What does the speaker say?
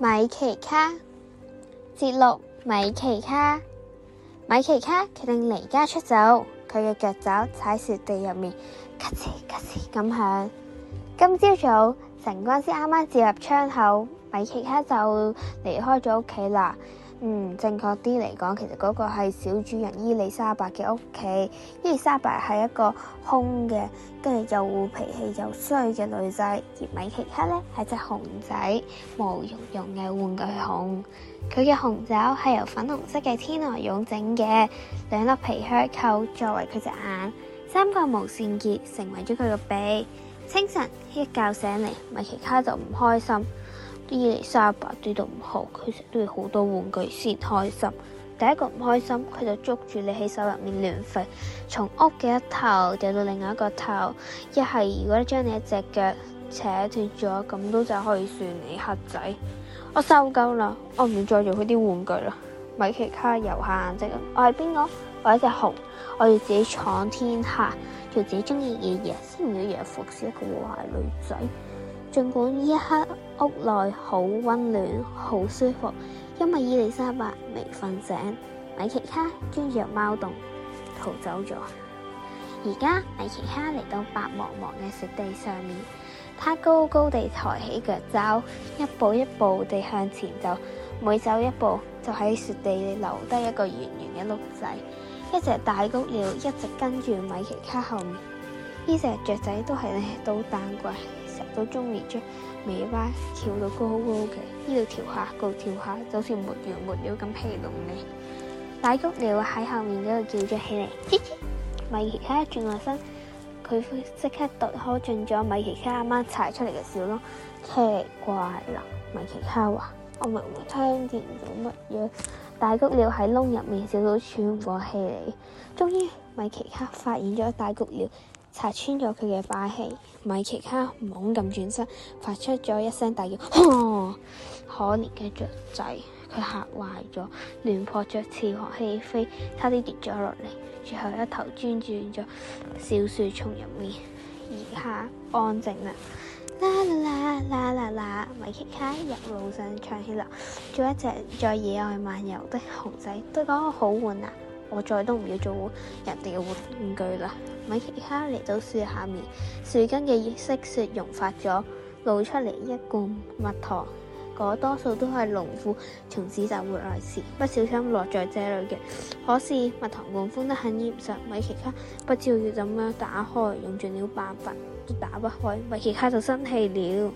米奇卡，節錄《米奇卡》。米奇卡決定離家出走，佢嘅腳爪踩雪地入面，咔哧咔哧咁響。今朝早，早，晨光先啱啱照入窗口，米奇卡就離開咗屋企啦。嗯，正確啲嚟講，其實嗰個係小主人伊麗莎白嘅屋企。伊麗莎白係一個兇嘅，跟住又脾氣又衰嘅女仔。而米奇卡呢，係隻熊仔，毛茸茸嘅玩具熊。佢嘅熊爪係由粉紅色嘅天鵝絨整嘅，兩粒皮靴扣作為佢隻眼，三個毛線結成為咗佢嘅鼻。清晨一覺醒嚟，米奇卡就唔開心。.伊麗莎白對到唔好，佢成日都要好多玩具先開心。第一個唔開心，佢就捉住你喺手入面亂吠，從屋嘅一頭掉到另外一個頭。一係如果你將你一隻腳扯脫咗，咁都就可以算你黑仔。我受夠啦，我唔要再做佢啲玩具啦。米奇卡游下眼睛，我係邊個？我係一隻熊，我要自己闖天下，做自己中意嘅嘢，先唔要人服侍一個壞女仔。儘管呢一刻屋內好溫暖，好舒服，因為伊麗莎白未瞓醒，米奇卡鑽入貓洞逃走咗。而家米奇卡嚟到白茫茫嘅雪地上面，佢高高地抬起腳爪，一步一步地向前走，每走一步就喺雪地裏留低一個圓圓嘅鹿仔。一隻大谷鳥一直跟住米奇卡後面。呢隻雀仔都係咧，都彈怪，成日都中意將尾巴翹到高高嘅，呢度跳下，嗰度跳下，就好似沒完沒了咁飛動咧。大谷鳥喺後面嗰度叫咗起嚟，嘻嘻，米奇卡轉下身，佢即刻躲開進咗米奇卡啱啱踩出嚟嘅小窿，奇怪啦！米奇卡話：我咪會聽見到乜嘢？大谷鳥喺窿入面笑到喘唔過氣嚟。終於，米奇卡發現咗大谷鳥。拆穿咗佢嘅把戲，米奇卡猛咁轉身，發出咗一聲大叫，可憐嘅雀仔，佢嚇壞咗，亂撲著翅膀起飛，差啲跌咗落嚟，最後一頭鑽轉咗小樹叢入面，而家安靜啦。啦啦啦啦啦啦，米奇卡一路上唱起啦，做一隻在野外漫遊的熊仔，都講好玩啊！我再都唔要做人哋嘅玩具啦！米奇卡嚟到樹下面，樹根嘅積雪融化咗，露出嚟一罐蜜糖。嗰、那個、多數都係農夫從此就回來時不小心落在這裡嘅。可是蜜糖罐封得很嚴實，米奇卡不知道要點樣打開，用盡了辦法都打不開，米奇卡就生氣了。